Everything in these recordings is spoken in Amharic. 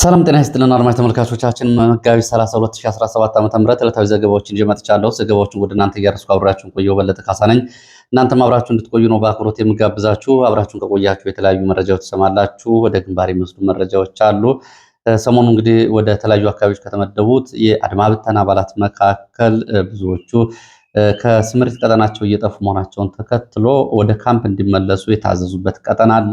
ሰላም ጤና ይስጥልን አድማጭ ተመልካቾቻችን፣ መጋቢት 30 2017 ዓ ም ዕለታዊ ዘገባዎችን ይዤ መጥቻለሁ። ዘገባዎችን ወደ እናንተ እያደረስኩ አብራችሁን ቆየው በለጠ ካሳ ነኝ። እናንተም አብራችሁ እንድትቆዩ ነው በአክብሮት የምጋብዛችሁ። አብራችሁን ከቆያችሁ የተለያዩ መረጃዎች ትሰማላችሁ። ወደ ግንባር የሚወስዱ መረጃዎች አሉ። ሰሞኑ እንግዲህ ወደ ተለያዩ አካባቢዎች ከተመደቡት የአድማ ብተና አባላት መካከል ብዙዎቹ ከስምሪት ቀጠናቸው እየጠፉ መሆናቸውን ተከትሎ ወደ ካምፕ እንዲመለሱ የታዘዙበት ቀጠና አለ።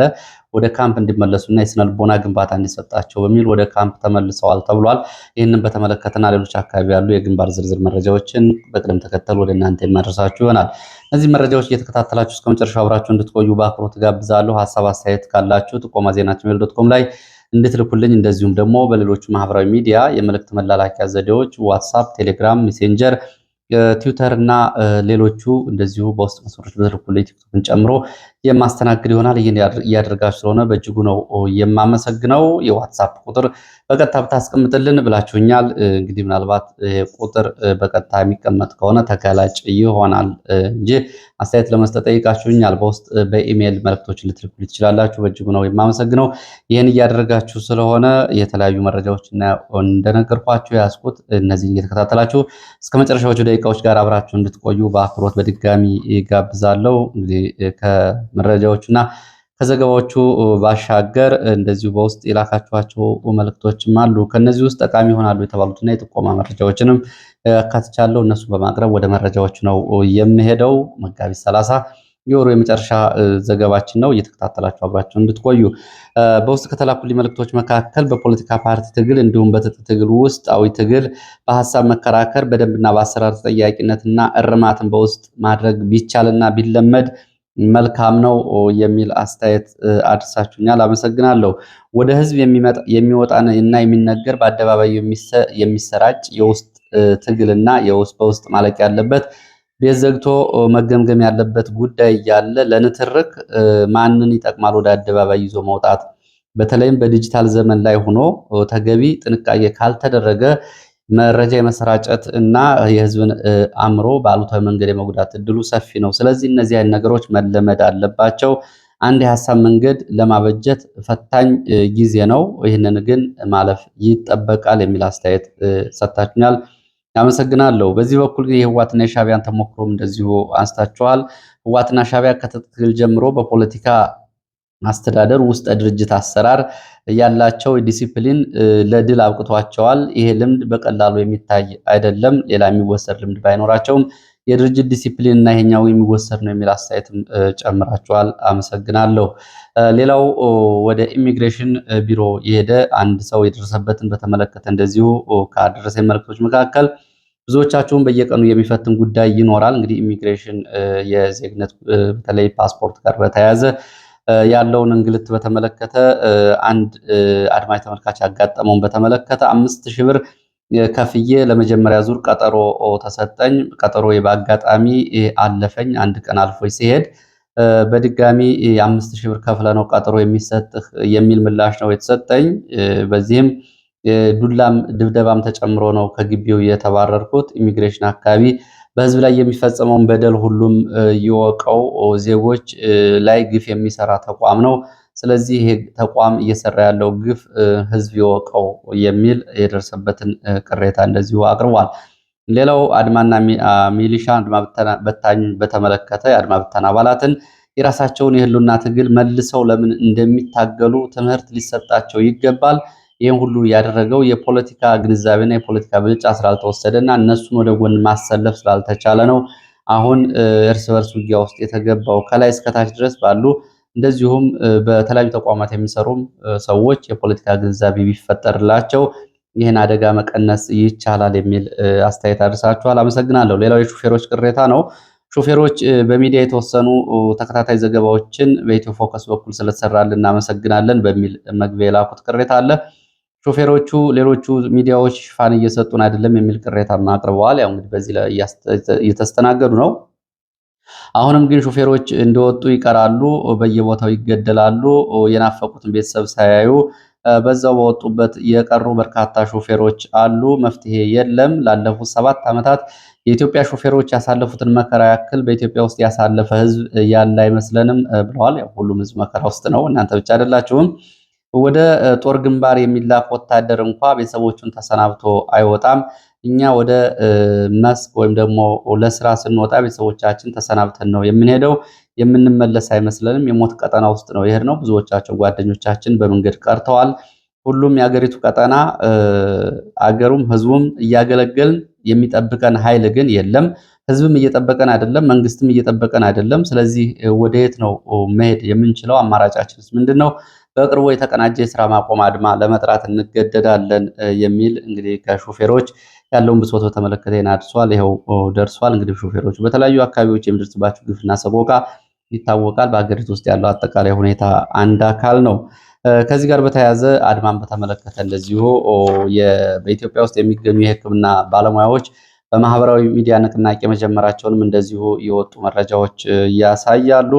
ወደ ካምፕ እንዲመለሱና የስነልቦና ግንባታ እንዲሰጣቸው በሚል ወደ ካምፕ ተመልሰዋል ተብሏል። ይህንን በተመለከተና ሌሎች አካባቢ ያሉ የግንባር ዝርዝር መረጃዎችን በቅደም ተከተል ወደ እናንተ የማደርሳችሁ ይሆናል። እነዚህ መረጃዎች እየተከታተላችሁ እስከ መጨረሻ አብራችሁ እንድትቆዩ በአክብሮት ጋብዛለሁ። ሀሳብ አስተያየት ካላችሁ ጥቆማ ዜና ጂሜል ዶት ኮም ላይ እንድትልኩልኝ እንደዚሁም ደግሞ በሌሎቹ ማህበራዊ ሚዲያ የመልእክት መላላኪያ ዘዴዎች ዋትሳፕ፣ ቴሌግራም፣ ሜሴንጀር ትዊተር እና ሌሎቹ እንደዚሁ በውስጥ መስመሮች በተልኩልኝ ቲክቶክን ጨምሮ የማስተናግድ ይሆናል። ይህን እያደርጋችሁ ስለሆነ በእጅጉ ነው የማመሰግነው። የዋትሳፕ ቁጥር በቀጥታ ብታስቀምጥልን ብላችሁኛል። እንግዲህ ምናልባት ቁጥር በቀጥታ የሚቀመጥ ከሆነ ተገላጭ ይሆናል እንጂ አስተያየት ለመስጠት ጠይቃችሁኛል። በውስጥ በኢሜይል መልክቶች ልትልኩ ትችላላችሁ። በእጅጉ ነው የማመሰግነው። ይህን እያደረጋችሁ ስለሆነ የተለያዩ መረጃዎች እንደነገርኳችሁ ያስኩት እነዚህን እየተከታተላችሁ እስከ መጨረሻዎቹ ደቂቃዎች ጋር አብራችሁ እንድትቆዩ በአክብሮት በድጋሚ ጋብዛለሁ እንግዲህ መረጃዎቹ እና ከዘገባዎቹ ባሻገር እንደዚሁ በውስጥ የላካችኋቸው መልእክቶችም አሉ። ከነዚህ ውስጥ ጠቃሚ ይሆናሉ የተባሉትና የጥቆማ መረጃዎችንም አካትቻለሁ። እነሱ በማቅረብ ወደ መረጃዎች ነው የምሄደው። መጋቢት ሰላሳ የወሩ የመጨረሻ ዘገባችን ነው። እየተከታተላችሁ አብራችሁ እንድትቆዩ በውስጥ ከተላኩልኝ መልእክቶች መካከል በፖለቲካ ፓርቲ ትግል እንዲሁም በትጥቅ ትግል ውስጣዊ ትግል፣ በሀሳብ መከራከር፣ በደንብና በአሰራር ተጠያቂነትና እርማትን በውስጥ ማድረግ ቢቻልና ቢለመድ መልካም ነው የሚል አስተያየት አድርሳችሁኛል። አመሰግናለሁ። ወደ ህዝብ የሚወጣ እና የሚነገር በአደባባይ የሚሰራጭ የውስጥ ትግልና የውስጥ በውስጥ ማለቅ ያለበት ቤት ዘግቶ መገምገም ያለበት ጉዳይ እያለ ለንትርክ ማንን ይጠቅማል ወደ አደባባይ ይዞ መውጣት? በተለይም በዲጂታል ዘመን ላይ ሆኖ ተገቢ ጥንቃቄ ካልተደረገ መረጃ የመሰራጨት እና የህዝብን አእምሮ በአሉታዊ መንገድ የመጉዳት እድሉ ሰፊ ነው። ስለዚህ እነዚህ አይነት ነገሮች መለመድ አለባቸው። አንድ የሀሳብ መንገድ ለማበጀት ፈታኝ ጊዜ ነው። ይህንን ግን ማለፍ ይጠበቃል የሚል አስተያየት ሰጥታችኛል። አመሰግናለሁ። በዚህ በኩል ግን የህዋትና የሻቢያን ተሞክሮም እንደዚሁ አንስታችኋል። ህዋትና ሻቢያ ከትጥቅ ጀምሮ በፖለቲካ አስተዳደር ውስጥ ድርጅት አሰራር ያላቸው ዲሲፕሊን ለድል አብቅቷቸዋል። ይሄ ልምድ በቀላሉ የሚታይ አይደለም። ሌላ የሚወሰድ ልምድ ባይኖራቸውም የድርጅት ዲሲፕሊን እና ይሄኛው የሚወሰድ ነው የሚል አስተያየትም ጨምራቸዋል። አመሰግናለሁ። ሌላው ወደ ኢሚግሬሽን ቢሮ የሄደ አንድ ሰው የደረሰበትን በተመለከተ እንደዚሁ ከደረሰ መልእክቶች መካከል ብዙዎቻችሁም በየቀኑ የሚፈትን ጉዳይ ይኖራል። እንግዲህ ኢሚግሬሽን የዜግነት በተለይ ፓስፖርት ጋር በተያያዘ ያለውን እንግልት በተመለከተ አንድ አድማጭ ተመልካች ያጋጠመውን በተመለከተ አምስት ሺህ ብር ከፍዬ ለመጀመሪያ ዙር ቀጠሮ ተሰጠኝ። ቀጠሮ በአጋጣሚ አለፈኝ። አንድ ቀን አልፎ ሲሄድ በድጋሚ አምስት ሺህ ብር ከፍለ ነው ቀጠሮ የሚሰጥህ የሚል ምላሽ ነው የተሰጠኝ። በዚህም ዱላም ድብደባም ተጨምሮ ነው ከግቢው የተባረርኩት። ኢሚግሬሽን አካባቢ በህዝብ ላይ የሚፈጸመውን በደል ሁሉም ይወቀው። ዜጎች ላይ ግፍ የሚሰራ ተቋም ነው። ስለዚህ ይሄ ተቋም እየሰራ ያለው ግፍ ህዝብ ይወቀው የሚል የደረሰበትን ቅሬታ እንደዚሁ አቅርቧል። ሌላው አድማና ሚሊሻ አድማ በታኝ በተመለከተ የአድማ ብተና አባላትን የራሳቸውን የህሉና ትግል መልሰው ለምን እንደሚታገሉ ትምህርት ሊሰጣቸው ይገባል። ይህን ሁሉ ያደረገው የፖለቲካ ግንዛቤና የፖለቲካ ብልጫ ስላልተወሰደ እና እነሱን ወደ ጎን ማሰለፍ ስላልተቻለ ነው። አሁን እርስ በርስ ውጊያ ውስጥ የተገባው ከላይ እስከታች ድረስ ባሉ እንደዚሁም በተለያዩ ተቋማት የሚሰሩም ሰዎች የፖለቲካ ግንዛቤ ቢፈጠርላቸው ይህን አደጋ መቀነስ ይቻላል የሚል አስተያየት አድርሳችኋል። አመሰግናለሁ። ሌላው የሹፌሮች ቅሬታ ነው። ሹፌሮች በሚዲያ የተወሰኑ ተከታታይ ዘገባዎችን በኢትዮ ፎከስ በኩል ስለተሰራልን እናመሰግናለን በሚል መግቢያ የላኩት ቅሬታ አለ። ሾፌሮቹ ሌሎቹ ሚዲያዎች ሽፋን እየሰጡን አይደለም የሚል ቅሬታም አቅርበዋል። ያው እንግዲህ በዚህ ላይ እየተስተናገዱ ነው። አሁንም ግን ሾፌሮች እንደወጡ ይቀራሉ፣ በየቦታው ይገደላሉ። የናፈቁትን ቤተሰብ ሳያዩ በዛው በወጡበት የቀሩ በርካታ ሾፌሮች አሉ። መፍትሄ የለም። ላለፉት ሰባት ዓመታት የኢትዮጵያ ሾፌሮች ያሳለፉትን መከራ ያክል በኢትዮጵያ ውስጥ ያሳለፈ ሕዝብ ያለ አይመስለንም ብለዋል። ሁሉም ሕዝብ መከራ ውስጥ ነው፣ እናንተ ብቻ አይደላችሁም። ወደ ጦር ግንባር የሚላክ ወታደር እንኳ ቤተሰቦቹን ተሰናብቶ አይወጣም። እኛ ወደ መስክ ወይም ደግሞ ለስራ ስንወጣ ቤተሰቦቻችን ተሰናብተን ነው የምንሄደው። የምንመለስ አይመስለንም። የሞት ቀጠና ውስጥ ነው ይሄድ ነው። ብዙዎቻቸው ጓደኞቻችን በመንገድ ቀርተዋል። ሁሉም የአገሪቱ ቀጠና አገሩም ህዝቡም እያገለገልን የሚጠብቀን ኃይል ግን የለም። ህዝብም እየጠበቀን አይደለም፣ መንግስትም እየጠበቀን አይደለም። ስለዚህ ወደየት ነው መሄድ የምንችለው? አማራጫችንስ ምንድን ነው? በቅርቡ የተቀናጀ የስራ ማቆም አድማ ለመጥራት እንገደዳለን የሚል እንግዲህ ከሾፌሮች ያለውን ብሶት በተመለከተ ይናድሷል። ይኸው ደርሷል። እንግዲህ ሾፌሮች በተለያዩ አካባቢዎች የሚደርስባቸው ግፍና ሰቆቃ ይታወቃል። በሀገሪቱ ውስጥ ያለው አጠቃላይ ሁኔታ አንድ አካል ነው። ከዚህ ጋር በተያያዘ አድማን በተመለከተ እንደዚሁ በኢትዮጵያ ውስጥ የሚገኙ የሕክምና ባለሙያዎች በማህበራዊ ሚዲያ ንቅናቄ መጀመራቸውንም እንደዚሁ የወጡ መረጃዎች ያሳያሉ።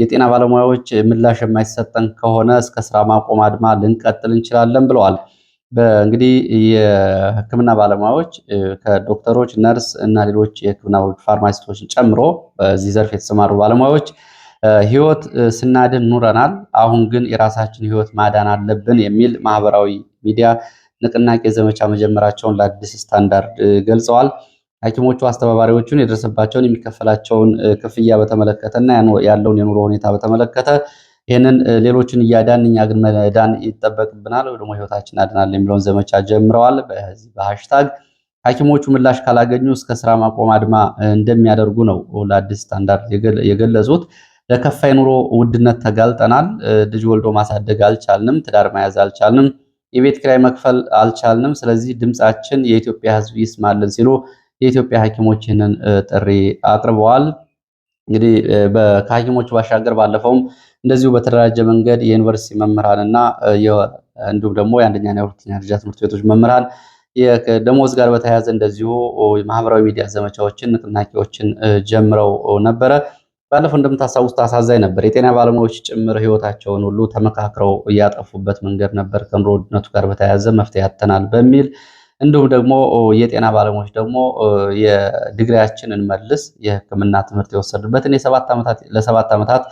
የጤና ባለሙያዎች ምላሽ የማይሰጠን ከሆነ እስከ ስራ ማቆም አድማ ልንቀጥል እንችላለን ብለዋል። እንግዲህ የሕክምና ባለሙያዎች ከዶክተሮች፣ ነርስ እና ሌሎች የሕክምና ፋርማሲስቶችን ጨምሮ በዚህ ዘርፍ የተሰማሩ ባለሙያዎች ህይወት ስናድን ኑረናል፣ አሁን ግን የራሳችን ህይወት ማዳን አለብን የሚል ማህበራዊ ሚዲያ ንቅናቄ ዘመቻ መጀመራቸውን ለአዲስ ስታንዳርድ ገልጸዋል። ሐኪሞቹ አስተባባሪዎቹን የደረሰባቸውን የሚከፈላቸውን ክፍያ በተመለከተና ያለውን የኑሮ ሁኔታ በተመለከተ ይህንን ሌሎችን እያዳን እኛ ግን መዳን ይጠበቅብናል ወይ ደግሞ ህይወታችን አድናል የሚለውን ዘመቻ ጀምረዋል። በዚህ በሃሽታግ ሐኪሞቹ ምላሽ ካላገኙ እስከ ስራ ማቆም አድማ እንደሚያደርጉ ነው ለአዲስ ስታንዳርድ የገለጹት። ለከፋ የኑሮ ውድነት ተጋልጠናል። ልጅ ወልዶ ማሳደግ አልቻልንም። ትዳር መያዝ አልቻልንም። የቤት ኪራይ መክፈል አልቻልንም። ስለዚህ ድምፃችን የኢትዮጵያ ህዝብ ይስማልን ሲሉ የኢትዮጵያ ሐኪሞች ይህንን ጥሪ አቅርበዋል። እንግዲህ ከሐኪሞቹ ባሻገር ባለፈውም እንደዚሁ በተደራጀ መንገድ የዩኒቨርሲቲ መምህራንና እንዲሁም ደግሞ የአንደኛና የሁለተኛ ደረጃ ትምህርት ቤቶች መምህራን ደሞዝ ጋር በተያያዘ እንደዚሁ ማህበራዊ ሚዲያ ዘመቻዎችን፣ ንቅናቄዎችን ጀምረው ነበረ። ባለፈው እንደምታስታውሱት አሳዛኝ ነበር። የጤና ባለሙያዎች ጭምር ህይወታቸውን ሁሉ ተመካክረው እያጠፉበት መንገድ ነበር። ከኑሮ ውድነቱ ጋር በተያያዘ መፍትሄ ያተናል በሚል እንዲሁም ደግሞ የጤና ባለሙያዎች ደግሞ የድግሪያችንን መልስ የህክምና ትምህርት የወሰድበትን ለሰባት ዓመታት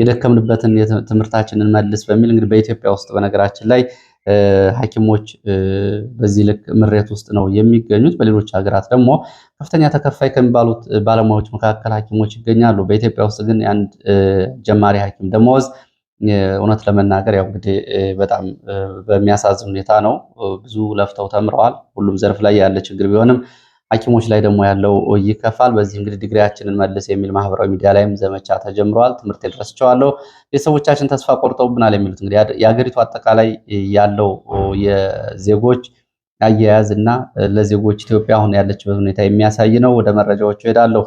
የደከምንበትን ትምህርታችንን መልስ በሚል እንግዲህ በኢትዮጵያ ውስጥ በነገራችን ላይ ሐኪሞች በዚህ ልክ ምሬት ውስጥ ነው የሚገኙት። በሌሎች ሀገራት ደግሞ ከፍተኛ ተከፋይ ከሚባሉት ባለሙያዎች መካከል ሐኪሞች ይገኛሉ። በኢትዮጵያ ውስጥ ግን የአንድ ጀማሪ ሐኪም ደመወዝ እውነት ለመናገር ያው እንግዲህ በጣም በሚያሳዝን ሁኔታ ነው። ብዙ ለፍተው ተምረዋል። ሁሉም ዘርፍ ላይ ያለ ችግር ቢሆንም ሐኪሞች ላይ ደግሞ ያለው ይከፋል። በዚህ እንግዲህ ዲግሪያችንን መልስ የሚል ማህበራዊ ሚዲያ ላይም ዘመቻ ተጀምረዋል። ትምህርት የደረስቸዋለሁ ቤተሰቦቻችን ተስፋ ቆርጠውብናል የሚሉት እንግዲህ የሀገሪቱ አጠቃላይ ያለው የዜጎች አያያዝ እና ለዜጎች ኢትዮጵያ አሁን ያለችበት ሁኔታ የሚያሳይ ነው። ወደ መረጃዎቹ ሄዳለሁ።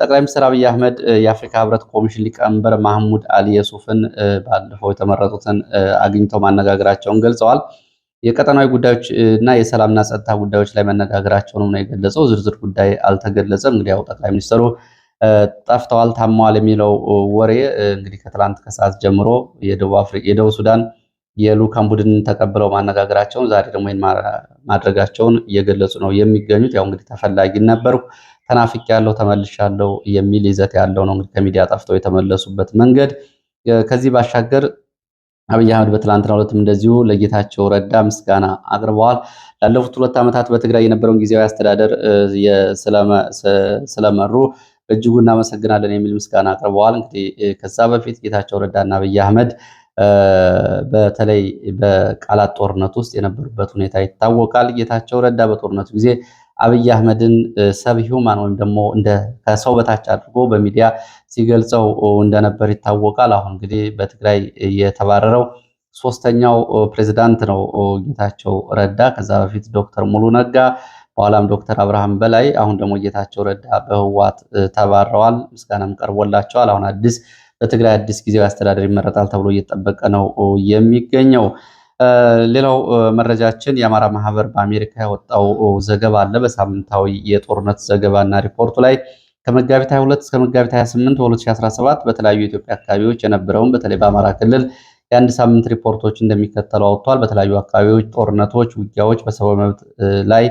ጠቅላይ ሚኒስትር አብይ አህመድ የአፍሪካ ህብረት ኮሚሽን ሊቀመንበር ማህሙድ አሊ የሱፍን ባለፈው የተመረጡትን አግኝተው ማነጋገራቸውን ገልጸዋል። የቀጠናዊ ጉዳዮች እና የሰላምና ጸጥታ ጉዳዮች ላይ መነጋገራቸውንም ነው የገለጸው። ዝርዝር ጉዳይ አልተገለጸም። እንግዲህ ያው ጠቅላይ ሚኒስትሩ ጠፍተዋል፣ ታመዋል የሚለው ወሬ እንግዲህ ከትላንት ከሰዓት ጀምሮ የደቡብ ሱዳን የልዑካን ቡድን ተቀብለው ማነጋገራቸውን ዛሬ ደግሞ ይህን ማድረጋቸውን እየገለጹ ነው የሚገኙት። ያው እንግዲህ ተፈላጊ ነበሩ፣ ተናፍቅ ያለው ተመልሻለው የሚል ይዘት ያለው ነው እንግዲህ ከሚዲያ ጠፍተው የተመለሱበት መንገድ። ከዚህ ባሻገር አብይ አህመድ በትላንትና ሁለትም እንደዚሁ ለጌታቸው ረዳ ምስጋና አቅርበዋል። ላለፉት ሁለት ዓመታት በትግራይ የነበረውን ጊዜያዊ አስተዳደር ስለመሩ በእጅጉ እናመሰግናለን የሚል ምስጋና አቅርበዋል። እንግዲህ ከዛ በፊት ጌታቸው ረዳና አብይ አህመድ በተለይ በቃላት ጦርነት ውስጥ የነበሩበት ሁኔታ ይታወቃል። ጌታቸው ረዳ በጦርነቱ ጊዜ አብይ አህመድን ሰብ ሂውማን ወይም ደግሞ እንደ ከሰው በታች አድርጎ በሚዲያ ሲገልጸው እንደነበር ይታወቃል። አሁን እንግዲህ በትግራይ የተባረረው ሶስተኛው ፕሬዝዳንት ነው ጌታቸው ረዳ። ከዛ በፊት ዶክተር ሙሉ ነጋ፣ በኋላም ዶክተር አብርሃም በላይ፣ አሁን ደግሞ ጌታቸው ረዳ በህዋት ተባረዋል። ምስጋናም ቀርቦላቸዋል። አሁን አዲስ በትግራይ አዲስ ጊዜ አስተዳደር ይመረጣል ተብሎ እየተጠበቀ ነው የሚገኘው። ሌላው መረጃችን የአማራ ማህበር በአሜሪካ ያወጣው ዘገባ አለ። በሳምንታዊ የጦርነት ዘገባና ሪፖርቱ ላይ ከመጋቢት 22 እስከ መጋቢት 28 2017 በተለያዩ የኢትዮጵያ አካባቢዎች የነበረውን በተለይ በአማራ ክልል የአንድ ሳምንት ሪፖርቶች እንደሚከተለው አውጥቷል። በተለያዩ አካባቢዎች ጦርነቶች፣ ውጊያዎች በሰብአዊ መብት ላይ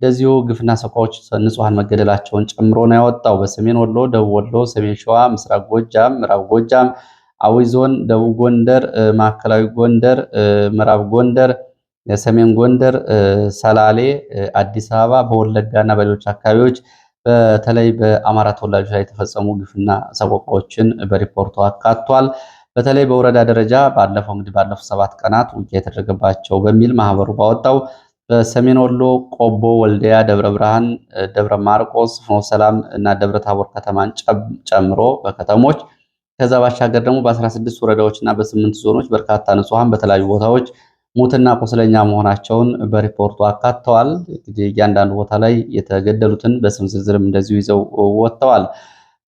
እንደዚሁ ግፍና ሰቆቃዎች ንጹሐን መገደላቸውን ጨምሮ ነው ያወጣው። በሰሜን ወሎ፣ ደቡብ ወሎ፣ ሰሜን ሸዋ፣ ምስራቅ ጎጃም፣ ምዕራብ ጎጃም፣ አዊ ዞን፣ ደቡብ ጎንደር፣ ማዕከላዊ ጎንደር፣ ምዕራብ ጎንደር፣ ሰሜን ጎንደር፣ ሰላሌ፣ አዲስ አበባ፣ በወለጋ እና በሌሎች አካባቢዎች በተለይ በአማራ ተወላጆች ላይ የተፈጸሙ ግፍና ሰቆቃዎችን በሪፖርቱ አካቷል። በተለይ በወረዳ ደረጃ ባለፈው እንግዲህ ባለፉት ሰባት ቀናት ውጊያ የተደረገባቸው በሚል ማህበሩ ባወጣው በሰሜን ወሎ ቆቦ፣ ወልዲያ፣ ደብረ ብርሃን፣ ደብረ ማርቆስ፣ ፍኖ ሰላም እና ደብረ ታቦር ከተማን ጨምሮ በከተሞች ከዛ ባሻገር ደግሞ በ16 ወረዳዎች እና በስምንት ዞኖች በርካታ ንጹሐን በተለያዩ ቦታዎች ሙትና ቁስለኛ መሆናቸውን በሪፖርቱ አካተዋል። እንግዲህ እያንዳንዱ ቦታ ላይ የተገደሉትን በስም ዝርዝርም እንደዚሁ ይዘው ወጥተዋል።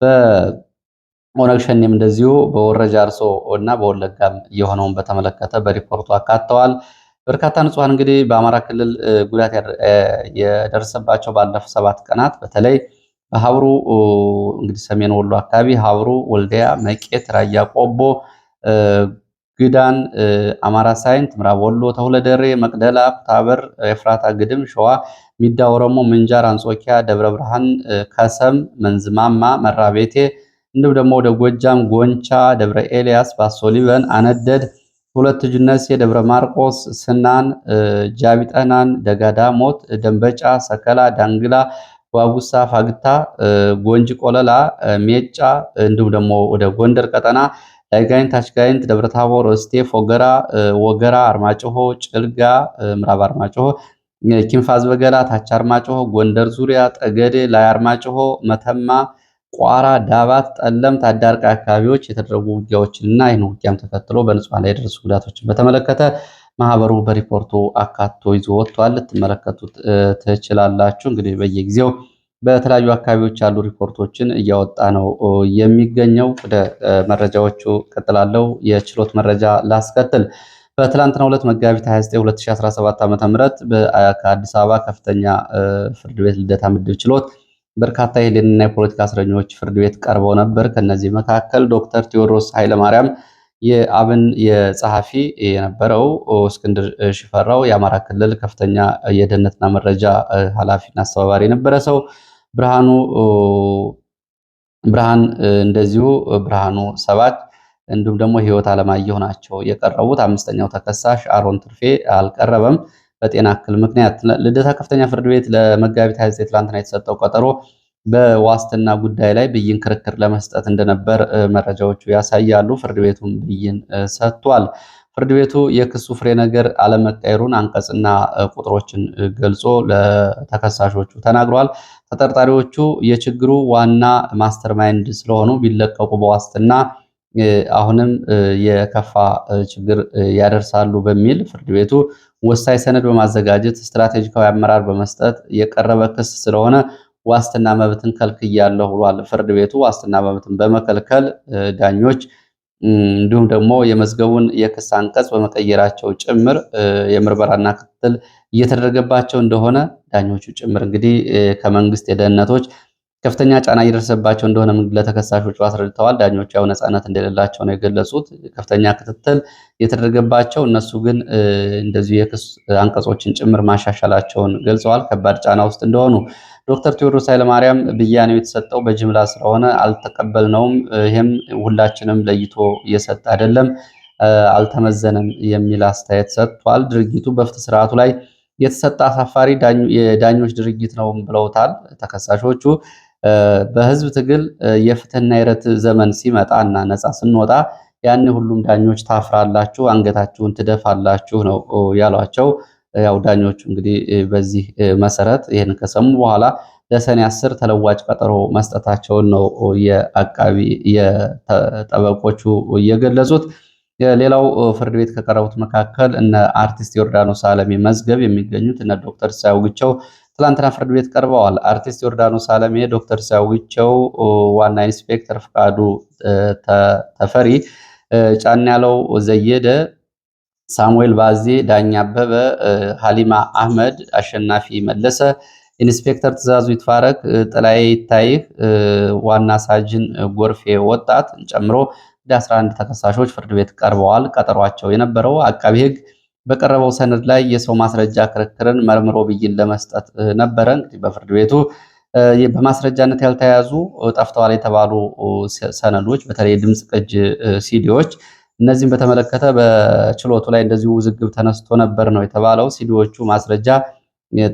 በኦነግ ሸኔም እንደዚሁ በወረጃ አርሶ እና በወለጋም የሆነውን በተመለከተ በሪፖርቱ አካተዋል። በርካታ ንጹሐን እንግዲህ በአማራ ክልል ጉዳት የደረሰባቸው ባለፉት ሰባት ቀናት በተለይ በሀብሩ እንግዲህ ሰሜን ወሎ አካባቢ ሀብሩ፣ ወልዲያ፣ መቄት፣ ራያ ቆቦ፣ ግዳን፣ አማራ ሳይንት፣ ምዕራብ ወሎ ተሁለደሬ፣ መቅደላ፣ ኩታበር፣ ኤፍራታ ግድም፣ ሸዋ፣ ሚዳ ወረሞ፣ ምንጃር፣ አንጾኪያ፣ ደብረ ብርሃን፣ ከሰም፣ መንዝማማ፣ መራቤቴ እንዲሁም ደግሞ ወደ ጎጃም ጎንቻ፣ ደብረ ኤልያስ፣ ባሶ ሊበን፣ አነደድ ሁለት ጅነሴ፣ ደብረ ማርቆስ፣ ስናን፣ ጃቢጠናን፣ ደጋዳሞት፣ ደንበጫ፣ ሰከላ፣ ዳንግላ፣ ዋጉሳ፣ ፋግታ፣ ጎንጅ ቆለላ፣ ሜጫ እንዲሁም ደግሞ ወደ ጎንደር ቀጠና ላይ ጋይንት፣ ደብረታቦር፣ እስቴ፣ ፎገራ፣ ወገራ፣ አርማጭሆ፣ ጭልጋ፣ ምዕራብ አርማጭሆ፣ ኪንፋዝ በገላ፣ ታች አርማጭሆ፣ ጎንደር ዙሪያ፣ ጠገዴ፣ ላይ አርማጭሆ፣ መተማ ቋራ፣ ዳባት፣ ጠለምት፣ አዳርቃ አካባቢዎች የተደረጉ ውጊያዎችንና ይህን ውጊያም ተከትሎ በንጹሐን ላይ የደረሱ ጉዳቶችን በተመለከተ ማህበሩ በሪፖርቱ አካቶ ይዞ ወጥቷል። ልትመለከቱት ትችላላችሁ። እንግዲህ በየጊዜው በተለያዩ አካባቢዎች ያሉ ሪፖርቶችን እያወጣ ነው የሚገኘው። ወደ መረጃዎቹ ቀጥላለው። የችሎት መረጃ ላስከትል። በትላንትናው ዕለት መጋቢት 29 2017 ዓ ም ከአዲስ አበባ ከፍተኛ ፍርድ ቤት ልደታ ምድብ ችሎት በርካታ የደህንና የፖለቲካ እስረኞች ፍርድ ቤት ቀርበው ነበር። ከነዚህ መካከል ዶክተር ቴዎድሮስ ኃይለማርያም የአብን የጸሐፊ የነበረው፣ እስክንድር ሽፈራው የአማራ ክልል ከፍተኛ የደህንነትና መረጃ ኃላፊና አስተባባሪ የነበረ ሰው፣ ብርሃኑ ብርሃን እንደዚሁ ብርሃኑ ሰባት እንዲሁም ደግሞ ህይወት አለማየሁ ናቸው የቀረቡት። አምስተኛው ተከሳሽ አሮን ትርፌ አልቀረበም። በጤና እክል ምክንያት። ልደታ ከፍተኛ ፍርድ ቤት ለመጋቢት 29 ትላንትና የተሰጠው ቀጠሮ በዋስትና ጉዳይ ላይ ብይን ክርክር ለመስጠት እንደነበር መረጃዎቹ ያሳያሉ። ፍርድ ቤቱም ብይን ሰጥቷል። ፍርድ ቤቱ የክሱ ፍሬ ነገር አለመቀየሩን አንቀጽና ቁጥሮችን ገልጾ ለተከሳሾቹ ተናግሯል። ተጠርጣሪዎቹ የችግሩ ዋና ማስተር ማይንድ ስለሆኑ ቢለቀቁ በዋስትና አሁንም የከፋ ችግር ያደርሳሉ በሚል ፍርድ ቤቱ ወሳኝ ሰነድ በማዘጋጀት ስትራቴጂካዊ አመራር በመስጠት የቀረበ ክስ ስለሆነ ዋስትና መብትን ከልክያለሁ ብሏል። ፍርድ ቤቱ ዋስትና መብትን በመከልከል ዳኞች እንዲሁም ደግሞ የመዝገቡን የክስ አንቀጽ በመቀየራቸው ጭምር የምርመራና ክትትል እየተደረገባቸው እንደሆነ ዳኞቹ ጭምር እንግዲህ ከመንግስት የደህንነቶች ከፍተኛ ጫና እየደረሰባቸው እንደሆነም ለተከሳሾቹ አስረድተዋል። ዳኞች ያው ነፃነት እንደሌላቸው ነው የገለጹት። ከፍተኛ ክትትል የተደረገባቸው እነሱ ግን እንደዚሁ የክስ አንቀጾችን ጭምር ማሻሻላቸውን ገልጸዋል። ከባድ ጫና ውስጥ እንደሆኑ ዶክተር ቴዎድሮስ ኃይለማርያም ብያኔው የተሰጠው በጅምላ ስለሆነ አልተቀበልነውም፣ ይህም ሁላችንም ለይቶ እየሰጠ አይደለም፣ አልተመዘነም የሚል አስተያየት ሰጥቷል። ድርጊቱ በፍትህ ስርዓቱ ላይ የተሰጠ አሳፋሪ የዳኞች ድርጊት ነው ብለውታል ተከሳሾቹ በህዝብ ትግል የፍትህና የረት ዘመን ሲመጣና ነፃ ስንወጣ ያን ሁሉም ዳኞች ታፍራላችሁ፣ አንገታችሁን ትደፋላችሁ ነው ያሏቸው። ያው ዳኞቹ እንግዲህ በዚህ መሰረት ይህን ከሰሙ በኋላ ለሰኔ አስር ተለዋጭ ቀጠሮ መስጠታቸውን ነው የአቃቢ የጠበቆቹ የገለጹት። ሌላው ፍርድ ቤት ከቀረቡት መካከል እነ አርቲስት ዮርዳኖስ አለሜ መዝገብ የሚገኙት እነ ዶክተር ሳያውግቸው ትላንትና ፍርድ ቤት ቀርበዋል። አርቲስት ዮርዳኖስ አለሜ፣ ዶክተር ሲያዊቸው፣ ዋና ኢንስፔክተር ፍቃዱ ተፈሪ፣ ጫን ያለው ዘየደ፣ ሳሙኤል ባዜ፣ ዳኛ አበበ፣ ሀሊማ አህመድ፣ አሸናፊ መለሰ፣ ኢንስፔክተር ትእዛዙ ይትፋረክ ጥላዬ ይታይህ፣ ዋና ሳጅን ጎርፌ ወጣት ጨምሮ ወደ 11 ተከሳሾች ፍርድ ቤት ቀርበዋል። ቀጠሯቸው የነበረው አቃቢ ህግ በቀረበው ሰነድ ላይ የሰው ማስረጃ ክርክርን መርምሮ ብይን ለመስጠት ነበረ። እንግዲህ በፍርድ ቤቱ በማስረጃነት ያልተያዙ ጠፍተዋል የተባሉ ሰነዶች በተለይ የድምፅ ቅጅ ሲዲዎች፣ እነዚህም በተመለከተ በችሎቱ ላይ እንደዚሁ ውዝግብ ተነስቶ ነበር ነው የተባለው። ሲዲዎቹ ማስረጃ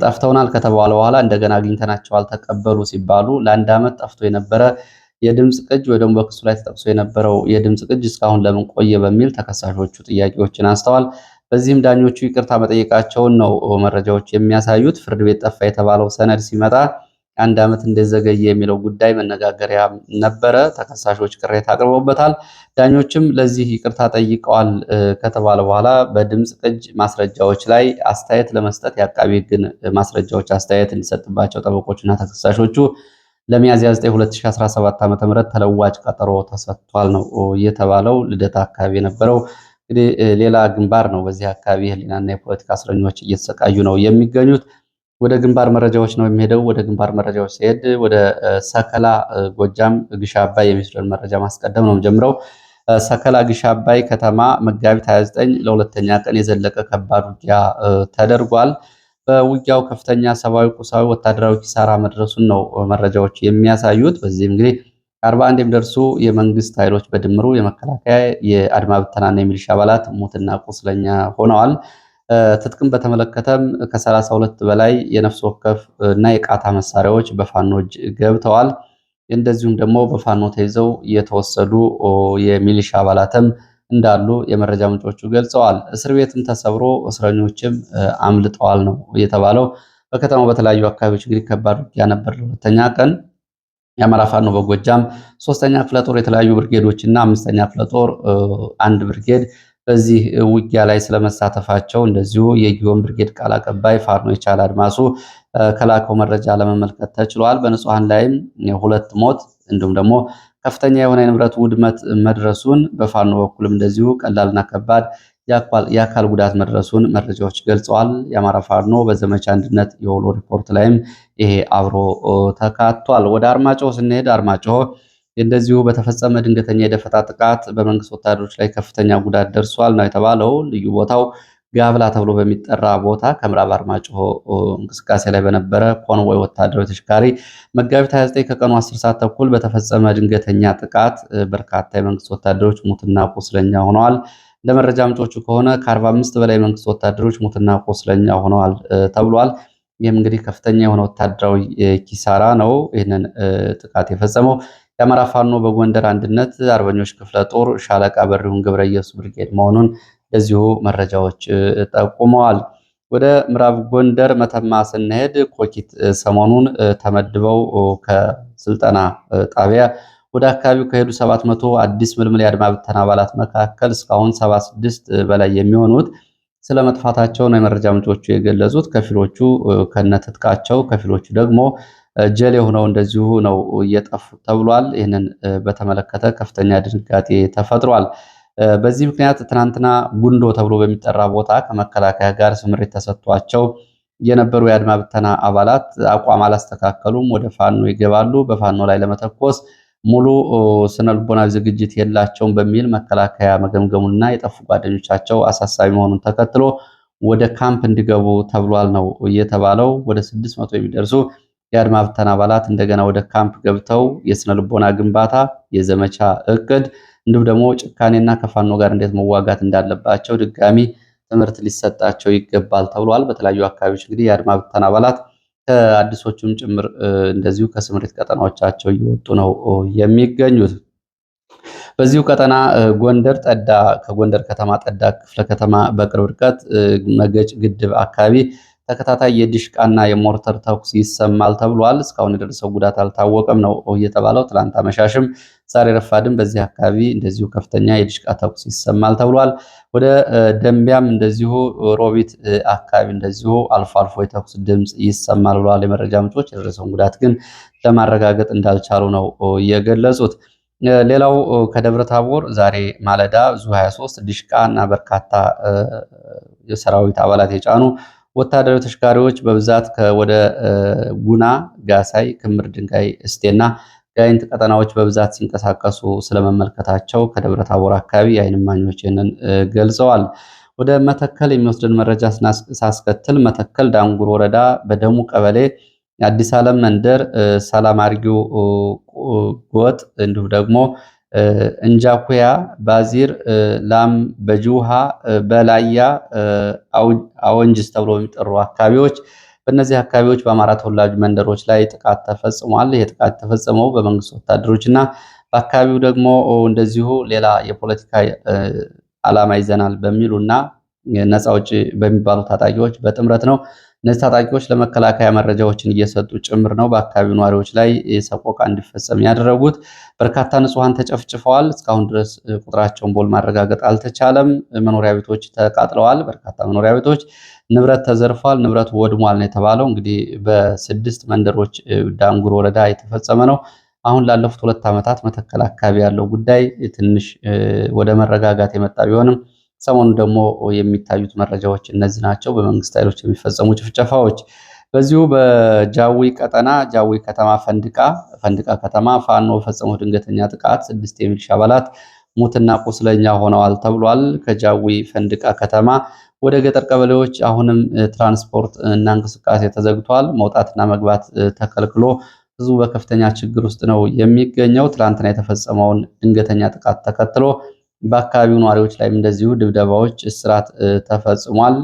ጠፍተውናል ከተባለ በኋላ እንደገና አግኝተናቸው አልተቀበሉ ሲባሉ ለአንድ ዓመት ጠፍቶ የነበረ የድምፅ ቅጅ ወይ ደግሞ በክሱ ላይ ተጠቅሶ የነበረው የድምፅ ቅጅ እስካሁን ለምን ቆየ በሚል ተከሳሾቹ ጥያቄዎችን አንስተዋል። በዚህም ዳኞቹ ይቅርታ መጠየቃቸውን ነው መረጃዎች የሚያሳዩት። ፍርድ ቤት ጠፋ የተባለው ሰነድ ሲመጣ አንድ ዓመት እንደዘገየ የሚለው ጉዳይ መነጋገሪያ ነበረ። ተከሳሾች ቅሬታ አቅርበውበታል። ዳኞችም ለዚህ ይቅርታ ጠይቀዋል ከተባለ በኋላ በድምፅ ቅጅ ማስረጃዎች ላይ አስተያየት ለመስጠት የአቃቢ ሕግን ማስረጃዎች አስተያየት እንዲሰጥባቸው ጠበቆችና ተከሳሾቹ ለሚያዝያ 9 2017 ዓ.ም ተለዋጭ ቀጠሮ ተሰጥቷል ነው እየተባለው ልደታ አካባቢ የነበረው እንግዲህ ሌላ ግንባር ነው። በዚህ አካባቢ ህሊናና የፖለቲካ እስረኞች እየተሰቃዩ ነው የሚገኙት። ወደ ግንባር መረጃዎች ነው የሚሄደው። ወደ ግንባር መረጃዎች ሲሄድ ወደ ሰከላ ጎጃም ግሽ አባይ የሚስለን መረጃ ማስቀደም ነው ጀምረው ሰከላ ግሽ አባይ ከተማ መጋቢት 29 ለሁለተኛ ቀን የዘለቀ ከባድ ውጊያ ተደርጓል። በውጊያው ከፍተኛ ሰብአዊ፣ ቁሳዊ፣ ወታደራዊ ኪሳራ መድረሱን ነው መረጃዎች የሚያሳዩት። በዚህም እንግዲህ አርባ አንድ የሚደርሱ የመንግስት ኃይሎች በድምሩ የመከላከያ የአድማ ብተናና የሚሊሻ አባላት ሞትና ቁስለኛ ሆነዋል። ትጥቅም በተመለከተም ከሰላሳ ሁለት በላይ የነፍስ ወከፍ እና የቃታ መሳሪያዎች በፋኖ እጅ ገብተዋል። እንደዚሁም ደግሞ በፋኖ ተይዘው የተወሰዱ የሚሊሻ አባላትም እንዳሉ የመረጃ ምንጮቹ ገልጸዋል። እስር ቤትም ተሰብሮ እስረኞችም አምልጠዋል ነው የተባለው። በከተማው በተለያዩ አካባቢዎች እንግዲህ ከባድ ውጊያ ነበር ለሁለተኛ ቀን የአማራ ፋኖ በጎጃም ሶስተኛ ክፍለ ጦር የተለያዩ ብርጌዶች እና አምስተኛ ክፍለ ጦር አንድ ብርጌድ በዚህ ውጊያ ላይ ስለመሳተፋቸው እንደዚሁ የጊዮን ብርጌድ ቃል አቀባይ ፋኖ የቻለ አድማሱ ከላከው መረጃ ለመመልከት ተችሏል። በንጹሐን ላይም ሁለት ሞት እንዲሁም ደግሞ ከፍተኛ የሆነ የንብረት ውድመት መድረሱን በፋኖ በኩልም እንደዚሁ ቀላልና ከባድ የአካል ጉዳት መድረሱን መረጃዎች ገልጸዋል። የአማራ ፋኖ በዘመቻ አንድነት የወሎ ሪፖርት ላይም ይሄ አብሮ ተካቷል። ወደ አርማጭሆ ስንሄድ አርማጭሆ እንደዚሁ በተፈጸመ ድንገተኛ የደፈጣ ጥቃት በመንግስት ወታደሮች ላይ ከፍተኛ ጉዳት ደርሷል ነው የተባለው። ልዩ ቦታው ጋብላ ተብሎ በሚጠራ ቦታ ከምዕራብ አርማጭሆ እንቅስቃሴ ላይ በነበረ ኮንቮይ ወታደራዊ ተሽካሪ መጋቢት 29 ከቀኑ 10 ሰዓት ተኩል በተፈጸመ ድንገተኛ ጥቃት በርካታ የመንግስት ወታደሮች ሙትና ቁስለኛ ሆነዋል። ለመረጃ ምንጮቹ ከሆነ ከ45 በላይ መንግስት ወታደሮች ሞትና ቆስለኛ ሆነዋል ተብሏል። ይህም እንግዲህ ከፍተኛ የሆነ ወታደራዊ ኪሳራ ነው። ይህንን ጥቃት የፈጸመው የአማራ ፋኖ በጎንደር አንድነት አርበኞች ክፍለ ጦር ሻለቃ በሪሁን ግብረ ኢየሱስ ብርጌድ መሆኑን እዚሁ መረጃዎች ጠቁመዋል። ወደ ምዕራብ ጎንደር መተማ ስንሄድ ኮኪት ሰሞኑን ተመድበው ከስልጠና ጣቢያ ወደ አካባቢው ከሄዱ 700 አዲስ ምልምል የአድማ ብተና አባላት መካከል እስካሁን 76 በላይ የሚሆኑት ስለ መጥፋታቸው ነው የመረጃ ምንጮቹ የገለጹት። ከፊሎቹ ከነትጥቃቸው፣ ከፊሎቹ ደግሞ ጀሌ ሆነው እንደዚሁ ነው እየጠፉ ተብሏል። ይህንን በተመለከተ ከፍተኛ ድንጋጤ ተፈጥሯል። በዚህ ምክንያት ትናንትና ጉንዶ ተብሎ በሚጠራ ቦታ ከመከላከያ ጋር ስምሪት ተሰጥቷቸው የነበሩ የአድማ ብተና አባላት አቋም አላስተካከሉም፣ ወደ ፋኖ ይገባሉ። በፋኖ ላይ ለመተኮስ ሙሉ ስነልቦና ዝግጅት የላቸውም በሚል መከላከያ መገምገሙና የጠፉ ጓደኞቻቸው አሳሳቢ መሆኑን ተከትሎ ወደ ካምፕ እንዲገቡ ተብሏል ነው እየተባለው። ወደ ስድስት መቶ የሚደርሱ የአድማ ብተና አባላት እንደገና ወደ ካምፕ ገብተው የስነ ልቦና ግንባታ፣ የዘመቻ እቅድ እንዲሁም ደግሞ ጭካኔና ከፋኖ ጋር እንዴት መዋጋት እንዳለባቸው ድጋሚ ትምህርት ሊሰጣቸው ይገባል ተብሏል። በተለያዩ አካባቢዎች እንግዲህ የአድማ ብተና አባላት ከአዲሶቹም ጭምር እንደዚሁ ከስምሪት ቀጠናዎቻቸው እየወጡ ነው የሚገኙት። በዚሁ ቀጠና ጎንደር ጠዳ ከጎንደር ከተማ ጠዳ ክፍለ ከተማ በቅርብ ርቀት መገጭ ግድብ አካባቢ ተከታታይ የዲሽቃና የሞርተር ተኩስ ይሰማል ተብሏል። እስካሁን የደረሰው ጉዳት አልታወቀም ነው እየተባለው። ትላንት አመሻሽም ዛሬ ረፋድም በዚህ አካባቢ እንደዚሁ ከፍተኛ የዲሽቃ ተኩስ ይሰማል ተብሏል። ወደ ደንቢያም እንደዚሁ ሮቢት አካባቢ እንደዚሁ አልፎ አልፎ የተኩስ ድምፅ ይሰማል ብለዋል የመረጃ ምንጮች። የደረሰውን ጉዳት ግን ለማረጋገጥ እንዳልቻሉ ነው የገለጹት። ሌላው ከደብረ ታቦር ዛሬ ማለዳ ዙ 23 ዲሽቃ እና በርካታ የሰራዊት አባላት የጫኑ ወታደራዊ ተሽካሪዎች በብዛት ወደ ጉና፣ ጋሳይ፣ ክምር ድንጋይ፣ እስቴና ጋይንት ቀጠናዎች በብዛት ሲንቀሳቀሱ ስለመመልከታቸው ከደብረ ታቦር አካባቢ የዓይን እማኞች ይህንን ገልጸዋል። ወደ መተከል የሚወስድን መረጃ ሳስከትል መተከል ዳንጉር ወረዳ በደሙ ቀበሌ አዲስ ዓለም መንደር፣ ሰላም አርጊው ጎጥ እንዲሁም ደግሞ እንጃኩያ ባዚር ላም በጅውሃ በላያ አወንጅስ ተብሎ የሚጠሩ አካባቢዎች በእነዚህ አካባቢዎች በአማራ ተወላጅ መንደሮች ላይ ጥቃት ተፈጽሟል። ይህ ጥቃት የተፈጸመው በመንግስት ወታደሮች እና በአካባቢው ደግሞ እንደዚሁ ሌላ የፖለቲካ ዓላማ ይዘናል በሚሉ እና ነፃ አውጪ በሚባሉ ታጣቂዎች በጥምረት ነው። እነዚህ ታጣቂዎች ለመከላከያ መረጃዎችን እየሰጡ ጭምር ነው በአካባቢው ነዋሪዎች ላይ ሰቆቃ እንዲፈጸም ያደረጉት። በርካታ ንጹሐን ተጨፍጭፈዋል። እስካሁን ድረስ ቁጥራቸውን ቦል ማረጋገጥ አልተቻለም። መኖሪያ ቤቶች ተቃጥለዋል። በርካታ መኖሪያ ቤቶች፣ ንብረት ተዘርፏል። ንብረቱ ወድሟል ነው የተባለው። እንግዲህ በስድስት መንደሮች ዳንጉር ወረዳ የተፈጸመ ነው። አሁን ላለፉት ሁለት ዓመታት መተከል አካባቢ ያለው ጉዳይ ትንሽ ወደ መረጋጋት የመጣ ቢሆንም ሰሞኑ ደግሞ የሚታዩት መረጃዎች እነዚህ ናቸው። በመንግስት ኃይሎች የሚፈጸሙ ጭፍጨፋዎች በዚሁ በጃዊ ቀጠና ጃዊ ከተማ ፈንድቃ ፈንድቃ ከተማ ፋኖ ፈጸሙ ድንገተኛ ጥቃት ስድስት የሚሊሻ አባላት ሙትና ቁስለኛ ሆነዋል ተብሏል። ከጃዊ ፈንድቃ ከተማ ወደ ገጠር ቀበሌዎች አሁንም ትራንስፖርት እና እንቅስቃሴ ተዘግቷል። መውጣትና መግባት ተከልክሎ ህዝቡ በከፍተኛ ችግር ውስጥ ነው የሚገኘው። ትላንትና የተፈጸመውን ድንገተኛ ጥቃት ተከትሎ በአካባቢው ነዋሪዎች ላይም እንደዚሁ ድብደባዎች፣ እስራት ተፈጽሟል።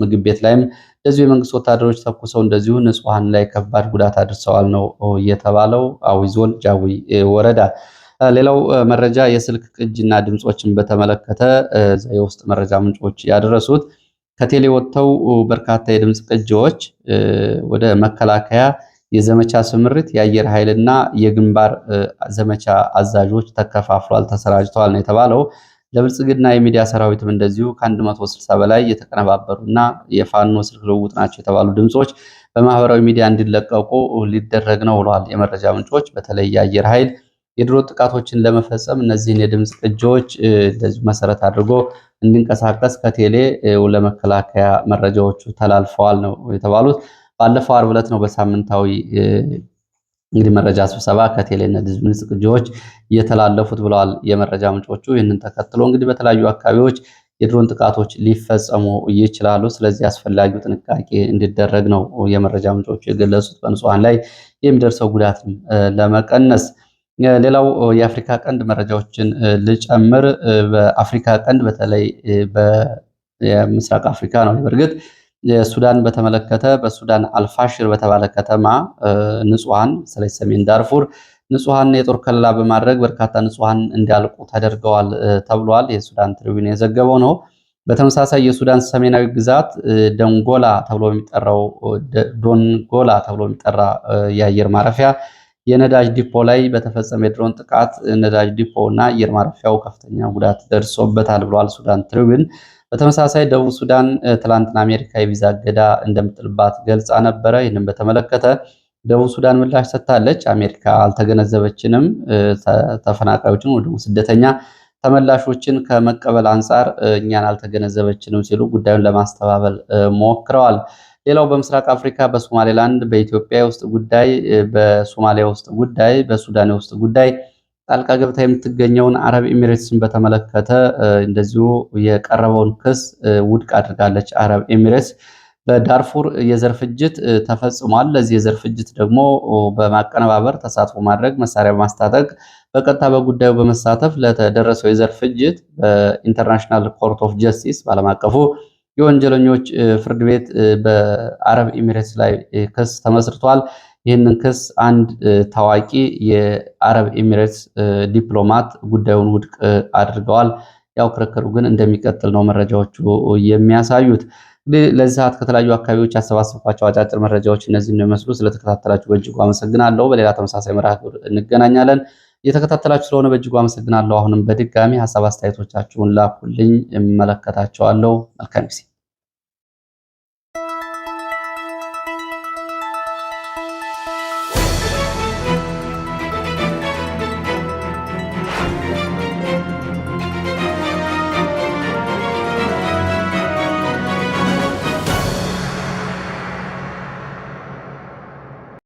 ምግብ ቤት ላይም እንደዚሁ የመንግስት ወታደሮች ተኩሰው እንደዚሁ ንጹሐን ላይ ከባድ ጉዳት አድርሰዋል ነው የተባለው። አዊ ዞን ጃዊ ወረዳ። ሌላው መረጃ የስልክ ቅጅና ድምፆችን በተመለከተ የውስጥ መረጃ ምንጮች ያደረሱት ከቴሌ ወጥተው በርካታ የድምፅ ቅጅዎች ወደ መከላከያ የዘመቻ ስምሪት የአየር ኃይልና የግንባር ዘመቻ አዛዦች ተከፋፍሏል፣ ተሰራጅተዋል ነው የተባለው። ለብልጽግና የሚዲያ ሰራዊትም እንደዚሁ ከ160 በላይ የተቀነባበሩና የፋኖ ስልክ ልውውጥ ናቸው የተባሉ ድምፆች በማህበራዊ ሚዲያ እንዲለቀቁ ሊደረግ ነው ብለዋል የመረጃ ምንጮች። በተለይ የአየር ኃይል የድሮ ጥቃቶችን ለመፈጸም እነዚህን የድምፅ ቅጂዎች መሰረት አድርጎ እንዲንቀሳቀስ ከቴሌ ለመከላከያ መረጃዎቹ ተላልፈዋል ነው የተባሉት። ባለፈው አርብ ዕለት ነው በሳምንታዊ እንግዲህ መረጃ ስብሰባ ከቴሌና ድምፅ ቅጂዎች እየተላለፉት ብለዋል የመረጃ ምንጮቹ። ይህንን ተከትሎ እንግዲህ በተለያዩ አካባቢዎች የድሮን ጥቃቶች ሊፈጸሙ ይችላሉ። ስለዚህ አስፈላጊው ጥንቃቄ እንዲደረግ ነው የመረጃ ምንጮቹ የገለጹት፣ በንጹሐን ላይ የሚደርሰው ጉዳትም ለመቀነስ። ሌላው የአፍሪካ ቀንድ መረጃዎችን ልጨምር። በአፍሪካ ቀንድ በተለይ በምስራቅ አፍሪካ ነው በእርግጥ የሱዳን በተመለከተ በሱዳን አልፋሽር በተባለ ከተማ ንጹሐን በተለይ ሰሜን ዳርፉር ንጹሐን የጦር ከለላ በማድረግ በርካታ ንጹሐን እንዲያልቁ ተደርገዋል ተብሏል። የሱዳን ትሪቢን የዘገበው ነው። በተመሳሳይ የሱዳን ሰሜናዊ ግዛት ደንጎላ ተብሎ የሚጠራው ዶንጎላ ተብሎ የሚጠራ የአየር ማረፊያ የነዳጅ ዲፖ ላይ በተፈጸመ የድሮን ጥቃት ነዳጅ ዲፖ እና አየር ማረፊያው ከፍተኛ ጉዳት ደርሶበታል ብሏል ሱዳን ትሪቢን። በተመሳሳይ ደቡብ ሱዳን ትላንትና አሜሪካ የቪዛ እገዳ እንደምጥልባት ገልጻ ነበረ። ይህንም በተመለከተ ደቡብ ሱዳን ምላሽ ሰጥታለች። አሜሪካ አልተገነዘበችንም፣ ተፈናቃዮችን ወደ ስደተኛ ተመላሾችን ከመቀበል አንጻር እኛን አልተገነዘበችንም ሲሉ ጉዳዩን ለማስተባበል ሞክረዋል። ሌላው በምስራቅ አፍሪካ በሶማሌላንድ፣ በኢትዮጵያ የውስጥ ጉዳይ፣ በሶማሊያ ውስጥ ጉዳይ፣ በሱዳን የውስጥ ጉዳይ ጣልቃ ገብታ የምትገኘውን አረብ ኤሚሬትስን በተመለከተ እንደዚሁ የቀረበውን ክስ ውድቅ አድርጋለች። አረብ ኤሚሬትስ በዳርፉር የዘር ፍጅት ተፈጽሟል። ለዚህ የዘር ፍጅት ደግሞ በማቀነባበር ተሳትፎ ማድረግ፣ መሳሪያ በማስታጠቅ በቀጥታ በጉዳዩ በመሳተፍ ለተደረሰው የዘር ፍጅት በኢንተርናሽናል ኮርት ኦፍ ጀስቲስ በዓለም አቀፉ የወንጀለኞች ፍርድ ቤት በአረብ ኤሚሬትስ ላይ ክስ ተመስርቷል። ይህንን ክስ አንድ ታዋቂ የአረብ ኤሚሬትስ ዲፕሎማት ጉዳዩን ውድቅ አድርገዋል። ያው ክርክሩ ግን እንደሚቀጥል ነው መረጃዎቹ የሚያሳዩት። እንግዲህ ለዚህ ሰዓት ከተለያዩ አካባቢዎች ያሰባሰብኳቸው አጫጭር መረጃዎች እነዚህ የሚመስሉ። ስለተከታተላችሁ በእጅጉ አመሰግናለሁ። በሌላ ተመሳሳይ መርሃ ግብር እንገናኛለን። እየተከታተላችሁ ስለሆነ በእጅጉ አመሰግናለሁ። አሁንም በድጋሚ ሀሳብ አስተያየቶቻችሁን ላኩልኝ፣ እመለከታቸዋለሁ። መልካም ጊዜ